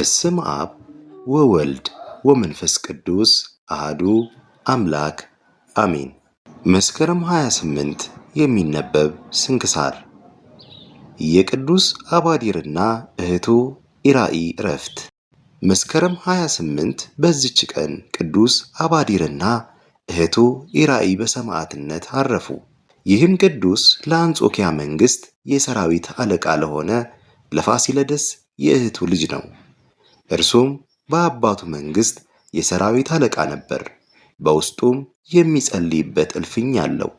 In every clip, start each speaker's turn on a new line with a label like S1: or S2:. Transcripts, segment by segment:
S1: በስም አብ ወወልድ ወመንፈስ ቅዱስ አህዱ አምላክ አሚን። መስከረም 28 የሚነበብ ስንክሳር የቅዱስ አባዲርና እህቱ ኢራኢ እረፍት። መስከረም 28 በዚች ቀን ቅዱስ አባዲርና እህቱ ኢራኢ በሰማዕትነት አረፉ። ይህም ቅዱስ ለአንጾኪያ መንግሥት የሰራዊት አለቃ ለሆነ ለፋሲለደስ የእህቱ ልጅ ነው። እርሱም በአባቱ መንግሥት የሰራዊት አለቃ ነበር። በውስጡም የሚጸልይበት እልፍኝ አለው።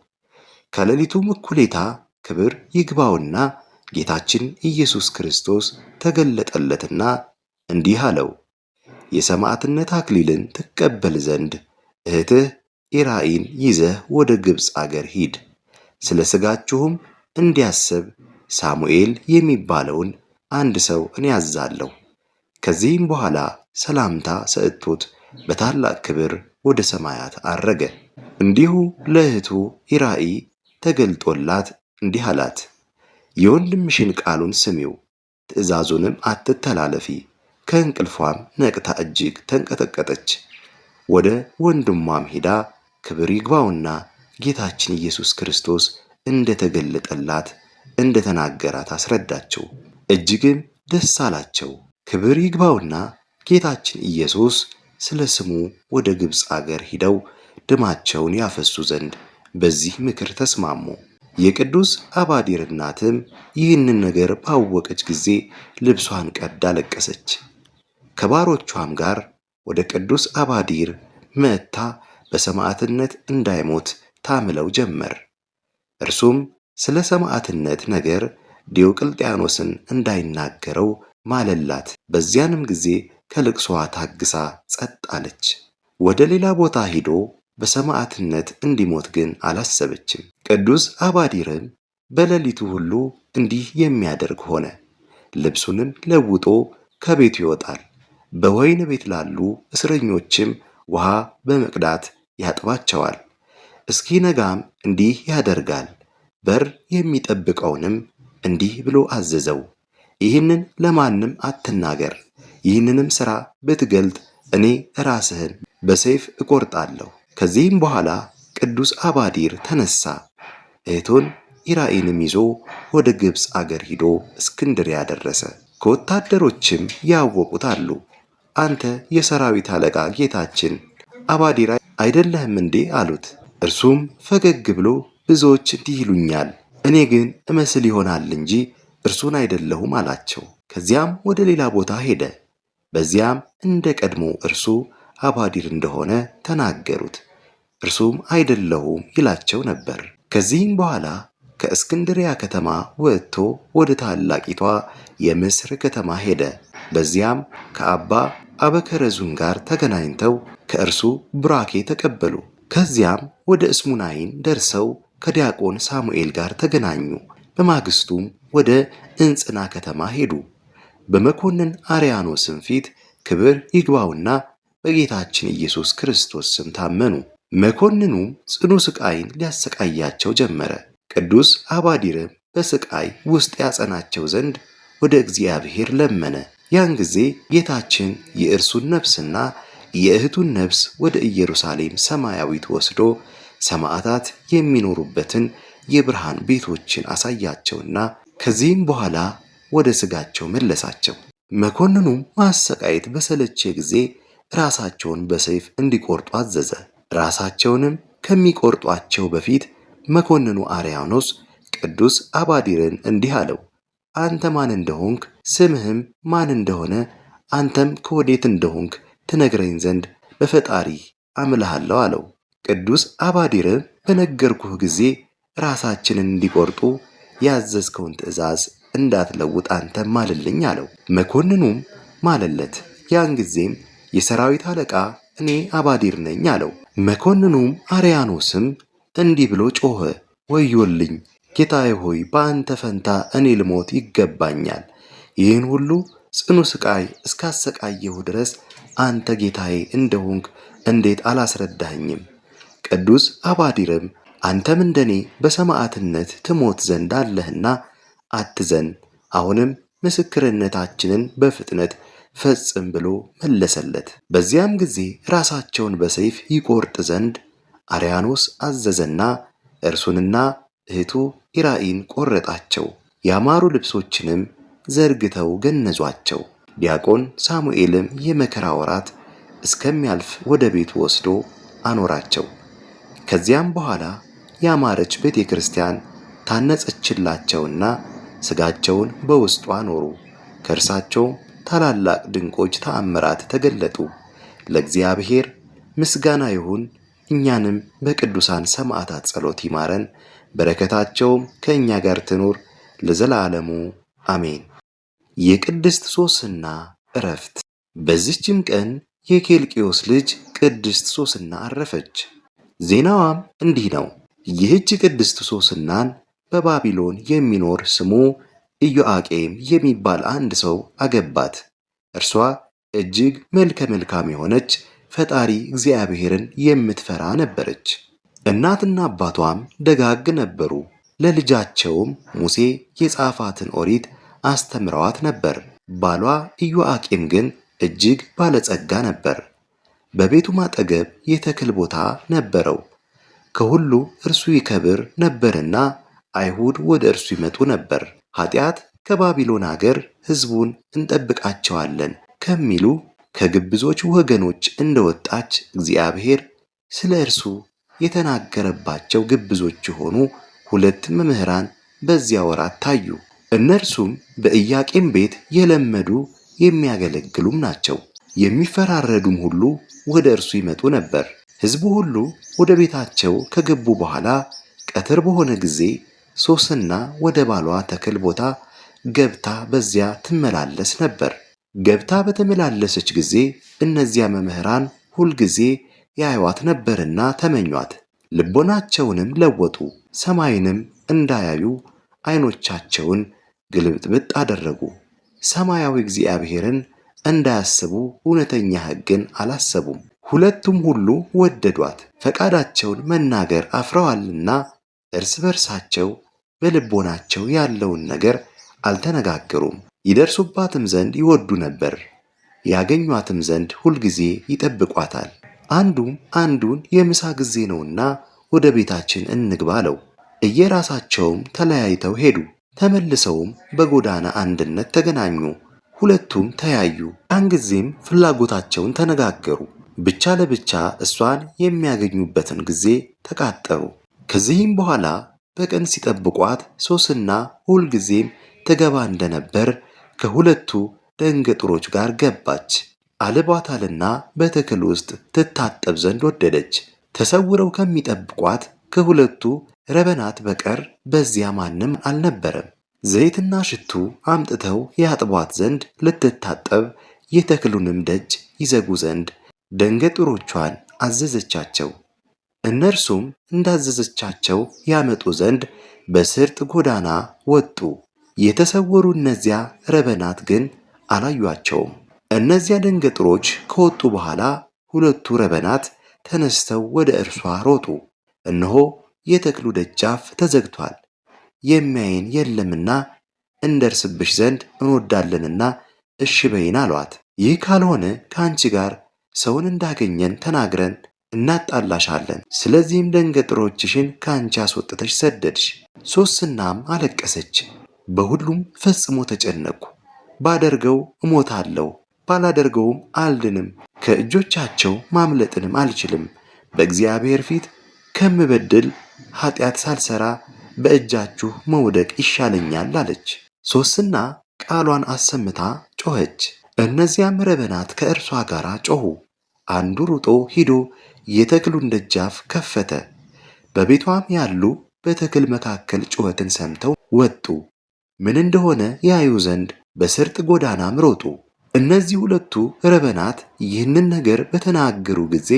S1: ከሌሊቱም እኩሌታ ክብር ይግባውና ጌታችን ኢየሱስ ክርስቶስ ተገለጠለትና እንዲህ አለው፣ የሰማዕትነት አክሊልን ትቀበል ዘንድ እህትህ ኢራኢን ይዘህ ወደ ግብፅ አገር ሂድ። ስለ ሥጋችሁም እንዲያስብ ሳሙኤል የሚባለውን አንድ ሰው እኔ አዛለሁ። ከዚህም በኋላ ሰላምታ ሰጥቶት በታላቅ ክብር ወደ ሰማያት አረገ። እንዲሁ ለእህቱ ኢራኢ ተገልጦላት እንዲህ አላት፣ የወንድምሽን ቃሉን ስሚው፣ ትእዛዙንም አትተላለፊ። ከእንቅልፏም ነቅታ እጅግ ተንቀጠቀጠች። ወደ ወንድሟም ሄዳ ክብር ይግባውና ጌታችን ኢየሱስ ክርስቶስ እንደተገለጠላት እንደተናገራት አስረዳቸው። እጅግም ደስ አላቸው። ክብር ይግባውና ጌታችን ኢየሱስ ስለ ስሙ ወደ ግብፅ አገር ሂደው ደማቸውን ያፈሱ ዘንድ በዚህ ምክር ተስማሙ። የቅዱስ አባዲር እናትም ይህንን ነገር ባወቀች ጊዜ ልብሷን ቀዳ አለቀሰች። ከባሮቿም ጋር ወደ ቅዱስ አባዲር መጥታ በሰማዕትነት እንዳይሞት ታምለው ጀመር። እርሱም ስለ ሰማዕትነት ነገር ዲዮቅልጥያኖስን እንዳይናገረው ማለላት። በዚያንም ጊዜ ከልቅሶዋ ታግሳ ጸጥ አለች። ወደ ሌላ ቦታ ሂዶ በሰማዕትነት እንዲሞት ግን አላሰበችም። ቅዱስ አባዲርም በሌሊቱ ሁሉ እንዲህ የሚያደርግ ሆነ። ልብሱንም ለውጦ ከቤቱ ይወጣል። በወይን ቤት ላሉ እስረኞችም ውሃ በመቅዳት ያጥባቸዋል። እስኪ ነጋም እንዲህ ያደርጋል። በር የሚጠብቀውንም እንዲህ ብሎ አዘዘው፣ ይህንን ለማንም አትናገር፣ ይህንንም ሥራ ብትገልጥ እኔ ራስህን በሰይፍ እቆርጣለሁ። ከዚህም በኋላ ቅዱስ አባዲር ተነሳ፣ እህቶን ኢራኢንም ይዞ ወደ ግብፅ አገር ሂዶ እስክንድሪያ ደረሰ። ከወታደሮችም ያወቁት አሉ፣ አንተ የሰራዊት አለቃ ጌታችን አባዲር አይደለህም እንዴ? አሉት። እርሱም ፈገግ ብሎ ብዙዎች እንዲህ ይሉኛል፣ እኔ ግን እመስል ይሆናል እንጂ እርሱን አይደለሁም አላቸው። ከዚያም ወደ ሌላ ቦታ ሄደ። በዚያም እንደ ቀድሞ እርሱ አባዲር እንደሆነ ተናገሩት። እርሱም አይደለሁም ይላቸው ነበር። ከዚህም በኋላ ከእስክንድሪያ ከተማ ወጥቶ ወደ ታላቂቷ የምስር ከተማ ሄደ። በዚያም ከአባ አበከረዙን ጋር ተገናኝተው ከእርሱ ቡራኬ ተቀበሉ። ከዚያም ወደ እስሙናይን ደርሰው ከዲያቆን ሳሙኤል ጋር ተገናኙ። በማግስቱም ወደ እንጽና ከተማ ሄዱ። በመኮንን አርያኖስን ፊት ክብር ይግባውና በጌታችን ኢየሱስ ክርስቶስ ስም ታመኑ። መኮንኑ ጽኑ ስቃይን ሊያሰቃያቸው ጀመረ። ቅዱስ አባዲርም በስቃይ ውስጥ ያጸናቸው ዘንድ ወደ እግዚአብሔር ለመነ። ያን ጊዜ ጌታችን የእርሱን ነፍስና የእህቱን ነፍስ ወደ ኢየሩሳሌም ሰማያዊት ወስዶ ሰማዕታት የሚኖሩበትን የብርሃን ቤቶችን አሳያቸውና ከዚህም በኋላ ወደ ስጋቸው መለሳቸው። መኮንኑ ማሰቃየት በሰለቸ ጊዜ ራሳቸውን በሰይፍ እንዲቆርጡ አዘዘ። ራሳቸውንም ከሚቆርጧቸው በፊት መኮንኑ አርያኖስ ቅዱስ አባዲርን እንዲህ አለው፣ አንተ ማን እንደሆንክ ስምህም ማን እንደሆነ አንተም ከወዴት እንደሆንክ ትነግረኝ ዘንድ በፈጣሪ አምልሃለሁ አለው። ቅዱስ አባዲርም በነገርኩህ ጊዜ ራሳችንን እንዲቆርጡ ያዘዝከውን ትእዛዝ እንዳትለውጥ አንተ ማልልኝ አለው። መኮንኑም ማለለት። ያን ጊዜም የሰራዊት አለቃ እኔ አባዲር ነኝ አለው። መኮንኑም አርያኖስም እንዲህ ብሎ ጮኸ፣ ወዮልኝ ጌታዬ ሆይ በአንተ ፈንታ እኔ ልሞት ይገባኛል። ይህን ሁሉ ጽኑ ስቃይ እስካሰቃየሁ ድረስ አንተ ጌታዬ እንደሆንክ እንዴት አላስረዳኸኝም? ቅዱስ አባዲርም አንተም እንደኔ በሰማዕትነት ትሞት ዘንድ አለህና አትዘን፣ አሁንም ምስክርነታችንን በፍጥነት ፈጽም ብሎ መለሰለት። በዚያም ጊዜ ራሳቸውን በሰይፍ ይቆርጥ ዘንድ አርያኖስ አዘዘና እርሱንና እህቱ ኢራኢን ቆረጣቸው። ያማሩ ልብሶችንም ዘርግተው ገነዟቸው። ዲያቆን ሳሙኤልም የመከራ ወራት እስከሚያልፍ ወደ ቤቱ ወስዶ አኖራቸው። ከዚያም በኋላ ያማረች ቤተ ክርስቲያን ታነጸችላቸውና ስጋቸውን በውስጧ ኖሩ። ከእርሳቸውም ታላላቅ ድንቆች ተአምራት ተገለጡ። ለእግዚአብሔር ምስጋና ይሁን። እኛንም በቅዱሳን ሰማዕታት ጸሎት ይማረን። በረከታቸውም ከእኛ ጋር ትኖር ለዘላለሙ አሜን። የቅድስት ሶስና እረፍት በዚችም ቀን የኬልቂዮስ ልጅ ቅድስት ሶስና አረፈች። ዜናዋም እንዲህ ነው። ይህች ቅድስት ሶስናን በባቢሎን የሚኖር ስሙ ኢዮአቄም የሚባል አንድ ሰው አገባት። እርሷ እጅግ መልከ መልካም የሆነች ፈጣሪ እግዚአብሔርን የምትፈራ ነበረች። እናትና አባቷም ደጋግ ነበሩ። ለልጃቸውም ሙሴ የጻፋትን ኦሪት አስተምረዋት ነበር። ባሏ ኢዮአቄም ግን እጅግ ባለጸጋ ነበር። በቤቱም አጠገብ የተክል ቦታ ነበረው። ከሁሉ እርሱ ይከብር ነበርና አይሁድ ወደ እርሱ ይመጡ ነበር። ኃጢአት ከባቢሎን አገር ሕዝቡን እንጠብቃቸዋለን ከሚሉ ከግብዞች ወገኖች እንደወጣች እግዚአብሔር ስለ እርሱ የተናገረባቸው ግብዞች የሆኑ ሁለት መምህራን በዚያ ወራት ታዩ። እነርሱም በኢያቄም ቤት የለመዱ የሚያገለግሉም ናቸው። የሚፈራረዱም ሁሉ ወደ እርሱ ይመጡ ነበር። ሕዝቡ ሁሉ ወደ ቤታቸው ከገቡ በኋላ ቀትር በሆነ ጊዜ ሶስና ወደ ባሏ ተክል ቦታ ገብታ በዚያ ትመላለስ ነበር። ገብታ በተመላለሰች ጊዜ እነዚያ መምህራን ሁልጊዜ ያዩዋት ነበርና ተመኟት። ልቦናቸውንም ለወጡ። ሰማይንም እንዳያዩ አይኖቻቸውን ግልብጥብጥ አደረጉ። ሰማያዊ እግዚአብሔርን እንዳያስቡ እውነተኛ ሕግን አላሰቡም። ሁለቱም ሁሉ ወደዷት፣ ፈቃዳቸውን መናገር አፍረዋልና እርስ በርሳቸው በልቦናቸው ያለውን ነገር አልተነጋገሩም። ይደርሱባትም ዘንድ ይወዱ ነበር፣ ያገኟትም ዘንድ ሁልጊዜ ይጠብቋታል። አንዱም አንዱን የምሳ ጊዜ ነውና ወደ ቤታችን እንግባ አለው። እየራሳቸውም ተለያይተው ሄዱ። ተመልሰውም በጎዳና አንድነት ተገናኙ። ሁለቱም ተያዩ። ያን ጊዜም ፍላጎታቸውን ተነጋገሩ። ብቻ ለብቻ እሷን የሚያገኙበትን ጊዜ ተቃጠሩ። ከዚህም በኋላ በቀን ሲጠብቋት ሶስና ሁልጊዜም ትገባ እንደነበር ከሁለቱ ደንገጡሮች ጋር ገባች። አልቧታልና በተክል ውስጥ ትታጠብ ዘንድ ወደደች። ተሰውረው ከሚጠብቋት ከሁለቱ ረበናት በቀር በዚያ ማንም አልነበረም። ዘይትና ሽቱ አምጥተው ያጥቧት ዘንድ ልትታጠብ የተክሉንም ደጅ ይዘጉ ዘንድ ደንገጥሮቿን አዘዘቻቸው። እነርሱም እንዳዘዘቻቸው ያመጡ ዘንድ በስርጥ ጎዳና ወጡ። የተሰወሩ እነዚያ ረበናት ግን አላዩአቸውም። እነዚያ ደንገጥሮች ከወጡ በኋላ ሁለቱ ረበናት ተነስተው ወደ እርሷ ሮጡ። እነሆ የተክሉ ደጃፍ ተዘግቷል፣ የሚያይን የለምና እንደርስብሽ ዘንድ እንወዳለንና እሺ በይን አሏት። ይህ ካልሆነ ከአንቺ ጋር ሰውን እንዳገኘን ተናግረን እናጣላሻለን። ስለዚህም ደንገጥሮችሽን ከአንቺ አስወጥተሽ ሰደድሽ። ሶስናም አለቀሰች። በሁሉም ፈጽሞ ተጨነቁ። ባደርገው እሞታለሁ፣ ባላደርገውም አልድንም። ከእጆቻቸው ማምለጥንም አልችልም። በእግዚአብሔር ፊት ከምበድል ኃጢአት ሳልሰራ በእጃችሁ መውደቅ ይሻለኛል አለች። ሶስና ቃሏን አሰምታ ጮኸች። እነዚያም ረበናት ከእርሷ ጋር ጮኹ። አንዱ ሩጦ ሂዶ የተክሉን ደጃፍ ከፈተ። በቤቷም ያሉ በተክል መካከል ጩኸትን ሰምተው ወጡ፣ ምን እንደሆነ ያዩ ዘንድ በስርጥ ጎዳናም ሮጡ። እነዚህ ሁለቱ ረበናት ይህንን ነገር በተናገሩ ጊዜ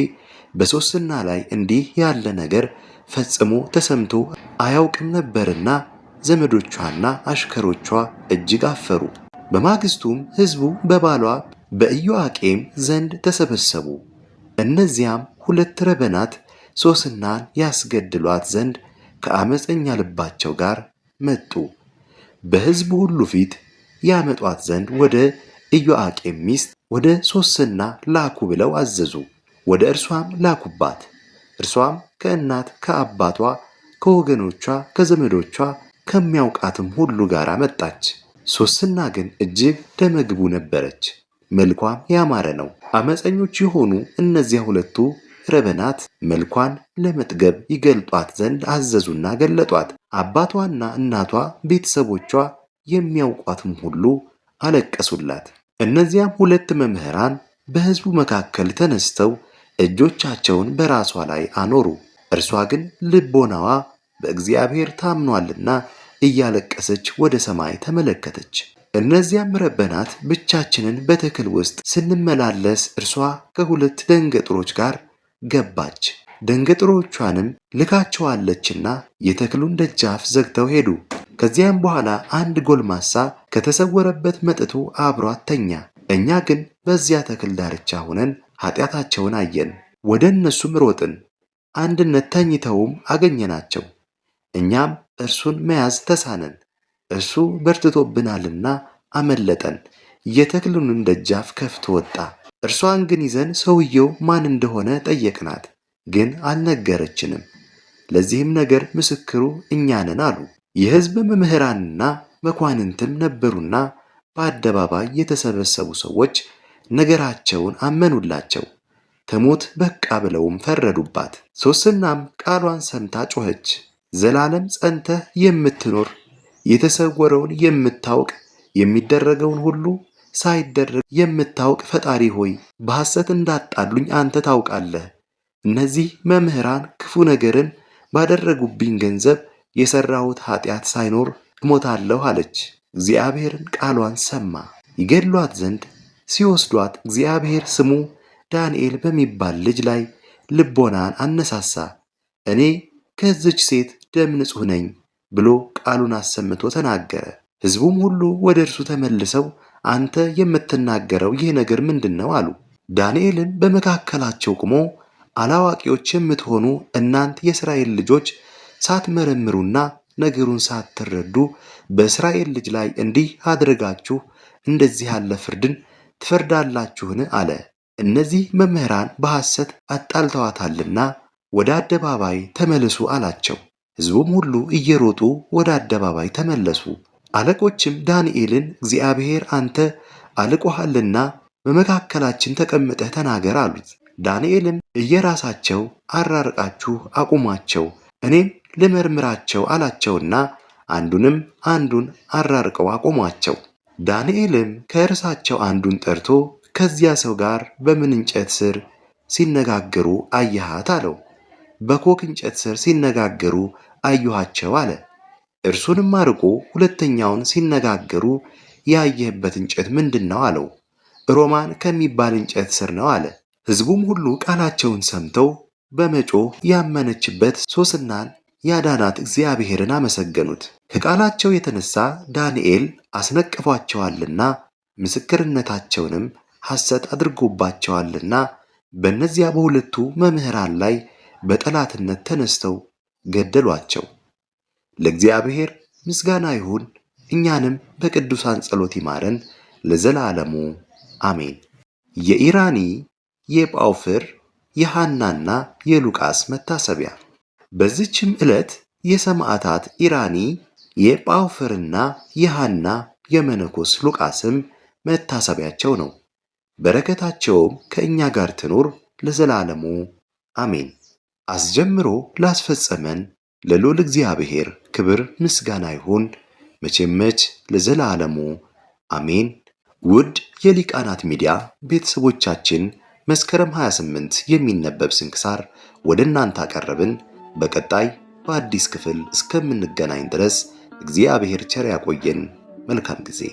S1: በሶስና ላይ እንዲህ ያለ ነገር ፈጽሞ ተሰምቶ አያውቅም ነበርና ዘመዶቿና አሽከሮቿ እጅግ አፈሩ። በማግስቱም ሕዝቡ በባሏ በኢዮአቄም ዘንድ ተሰበሰቡ። እነዚያም ሁለት ረበናት ሶስናን ያስገድሏት ዘንድ ከአመፀኛ ልባቸው ጋር መጡ። በሕዝቡ ሁሉ ፊት ያመጧት ዘንድ ወደ ኢዮአቄም ሚስት ወደ ሶስና ላኩ ብለው አዘዙ። ወደ እርሷም ላኩባት። እርሷም ከእናት ከአባቷ ከወገኖቿ ከዘመዶቿ ከሚያውቃትም ሁሉ ጋር መጣች። ሶስና ግን እጅግ ደመግቡ ነበረች። መልኳም ያማረ ነው። አመፀኞች የሆኑ እነዚያ ሁለቱ ረበናት መልኳን ለመጥገብ ይገልጧት ዘንድ አዘዙና ገለጧት። አባቷና እናቷ ቤተሰቦቿ የሚያውቋትም ሁሉ አለቀሱላት። እነዚያም ሁለት መምህራን በሕዝቡ መካከል ተነስተው እጆቻቸውን በራሷ ላይ አኖሩ። እርሷ ግን ልቦናዋ በእግዚአብሔር ታምኗልና እያለቀሰች ወደ ሰማይ ተመለከተች። እነዚያም ረበናት ብቻችንን በተክል ውስጥ ስንመላለስ እርሷ ከሁለት ደንገጥሮች ጋር ገባች። ደንገጥሮቿንም ልካቸዋለችና የተክሉን ደጃፍ ዘግተው ሄዱ። ከዚያም በኋላ አንድ ጎልማሳ ከተሰወረበት መጥቶ አብሯት ተኛ። እኛ ግን በዚያ ተክል ዳርቻ ሆነን ኃጢአታቸውን አየን፣ ወደ እነሱም ሮጥን። አንድነት ተኝተውም አገኘናቸው። እኛም እርሱን መያዝ ተሳነን፣ እርሱ በርትቶብናልና አመለጠን። የተክሉንም ደጃፍ ከፍቶ ወጣ። እርሷን ግን ይዘን ሰውየው ማን እንደሆነ ጠየቅናት፣ ግን አልነገረችንም። ለዚህም ነገር ምስክሩ እኛንን አሉ። የሕዝብ መምህራንና መኳንንትም ነበሩና በአደባባይ የተሰበሰቡ ሰዎች ነገራቸውን አመኑላቸው። ትሙት በቃ ብለውም ፈረዱባት። ሶስናም ቃሏን ሰምታ ጮኸች። ዘላለም ጸንተህ የምትኖር የተሰወረውን የምታውቅ የሚደረገውን ሁሉ ሳይደረግ የምታውቅ ፈጣሪ ሆይ በሐሰት እንዳጣሉኝ አንተ ታውቃለህ። እነዚህ መምህራን ክፉ ነገርን ባደረጉብኝ ገንዘብ የሠራሁት ኀጢአት ሳይኖር እሞታለሁ አለች። እግዚአብሔርን ቃሏን ሰማ። ይገድሏት ዘንድ ሲወስዷት እግዚአብሔር ስሙ ዳንኤል በሚባል ልጅ ላይ ልቦናን አነሳሳ። እኔ ከዚች ሴት ደም ንጹህ ነኝ ብሎ ቃሉን አሰምቶ ተናገረ። ሕዝቡም ሁሉ ወደ እርሱ ተመልሰው አንተ የምትናገረው ይህ ነገር ምንድን ነው አሉ። ዳንኤልም በመካከላቸው ቁሞ አላዋቂዎች የምትሆኑ እናንት የእስራኤል ልጆች ሳትመረምሩና ነገሩን ሳትረዱ በእስራኤል ልጅ ላይ እንዲህ አድርጋችሁ እንደዚህ ያለ ፍርድን ትፈርዳላችሁን? አለ። እነዚህ መምህራን በሐሰት አጣልተዋታልና ወደ አደባባይ ተመልሱ አላቸው። ሕዝቡም ሁሉ እየሮጡ ወደ አደባባይ ተመለሱ። አለቆችም ዳንኤልን እግዚአብሔር አንተ አልቆሃልና በመካከላችን ተቀምጠህ ተናገር አሉት። ዳንኤልም እየራሳቸው አራርቃችሁ አቁሟቸው፣ እኔም ልመርምራቸው አላቸውና አንዱንም አንዱን አራርቀው አቁሟቸው። ዳንኤልም ከእርሳቸው አንዱን ጠርቶ ከዚያ ሰው ጋር በምን እንጨት ስር ሲነጋገሩ አየሃት አለው። በኮክ እንጨት ስር ሲነጋገሩ አየኋቸው አለ። እርሱንም አርቆ ሁለተኛውን ሲነጋገሩ ያየህበት እንጨት ምንድን ነው አለው። ሮማን ከሚባል እንጨት ስር ነው አለ። ሕዝቡም ሁሉ ቃላቸውን ሰምተው በመጮህ ያመነችበት ሶስናን ያዳናት እግዚአብሔርን አመሰገኑት። ከቃላቸው የተነሳ ዳንኤል አስነቅፏቸዋልና ምስክርነታቸውንም ሐሰት አድርጎባቸዋልና በእነዚያ በሁለቱ መምህራን ላይ በጠላትነት ተነስተው ገደሏቸው። ለእግዚአብሔር ምስጋና ይሁን፣ እኛንም በቅዱሳን ጸሎት ይማረን ለዘላለሙ አሜን። የኢራኒ የጳውፍር የሐናና የሉቃስ መታሰቢያ። በዚችም ዕለት የሰማዕታት ኢራኒ የጳውፍርና የሐና የመነኮስ ሉቃስም መታሰቢያቸው ነው። በረከታቸውም ከእኛ ጋር ትኑር ለዘላለሙ አሜን። አስጀምሮ ላስፈጸመን ለልዑል እግዚአብሔር ክብር ምስጋና ይሁን መቼም መች ለዘላለሙ አሜን። ውድ የሊቃናት ሚዲያ ቤተሰቦቻችን መስከረም 28 የሚነበብ ስንክሳር ወደ እናንተ አቀረብን። በቀጣይ በአዲስ ክፍል እስከምንገናኝ ድረስ እግዚአብሔር ቸር ያቆየን። መልካም ጊዜ